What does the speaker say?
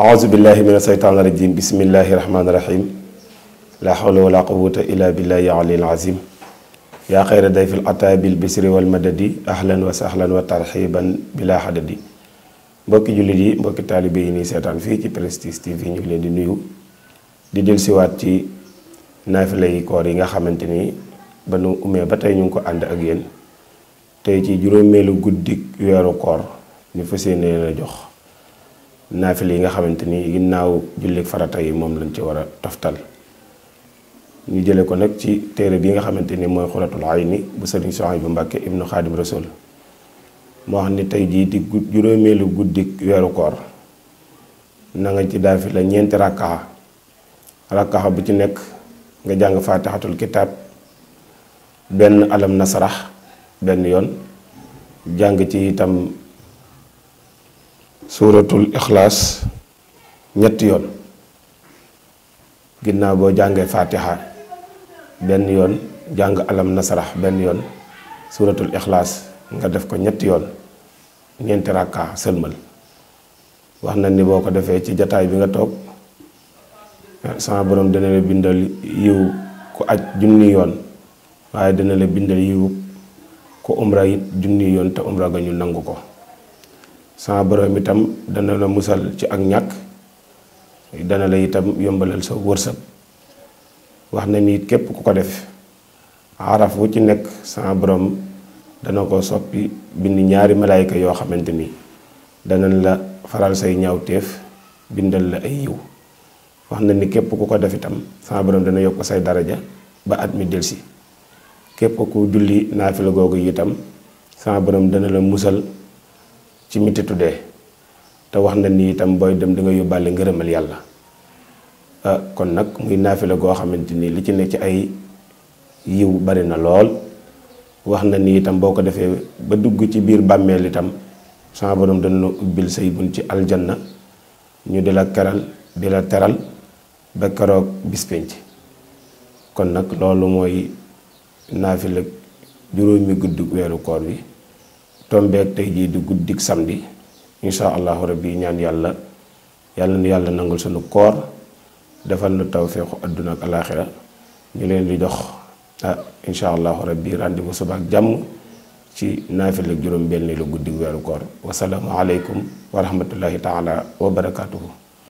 أعوذ بالله من الشيطان الرجيم بسم الله الرحمن الرحيم لا حول ولا قوة إلا بالله العلي العظيم يا خير ضيف الأطاب بالبصر والمددي أهلا وسهلا وترحيبا بلا حدد بوكي جوليدي بوكي طالبين سيطان في تي برستيس تي في نيولي دي نيو دي ديل سيوات تي نايف لي كوري nga xamanteni ba nu umé batay ñu ko and ak yeen tay ci juroomélu guddik wéru koor ni fassé né la naafile yi nga xamanteni ginnaw ginnaaw jullik farata yi mom lañ ci wara a toftal ñu jëlé ko nak ci téré bi nga xamanteni ni khuratul ayni bu serigne Suhaybu Mbàkke ibnu khadim rasul mo wax ni tay di di juróomeelu guddik wéru koor na nga ci la ñent rakka rakka bu ci nek nga jang fatihatul kitab Ben alam nasrah ben yon jang ci itam suuratul ixlaas ñetti yoon ginnaaw boo jàngee faatiha benn yoon jàng alam nasarax benn yoon suuratul ixlaas nga def ko ñetti yoon ñeenti ràkka sëlmal wax na ni boo ko defee ci jataay bi nga toog sama borom dina la bindal yiw ku aj junni yoon waaye dina la bindal yiw ku umra it junni yoon te umra ga ñu nangu ko sama borom itam dana la musal ci ak ñàkk dana la itam yombalal sa wërsëg wax na ni képp ku ko def araf wu ci nekk sama borom dana ko soppi bind ñaari malayka yoo xamante ni danañ la faral say ñaawteef bindal la ay yiw wax na ni képp ku ko def itam sama dana yokk say daraja ba at mi delsi képp ku julli naafila itam sama borom dana la musal ci miti de te wax na ni itam booy dem di nga yóbbaale ngërëmal yàlla ah, kon nag muy la goo xamante nii li ci ne ci ay yiw bari na lool wax na ni itam boo ko defee ba dugg ci biir bàmmeel itam sama borom dana ubbil say bunt ci aljana ñu di la keral di la teral ba keroog bis kon nag loolu mooy naafila juróomi guddug weeru koor bi tombeeg tey jii du guddik samedi incha allahu rabbi ñaan yàlla yàlla na yàlla nangul sunu koor defal nu tawféexu àdduna ak alaaxira ñu leen di dox ah incha allahu rabbi rendez-vous suba ak jàmm ci naafila juróom-benni lu guddi weeru koor wasalaamu aleykum wa rahmatullahi taala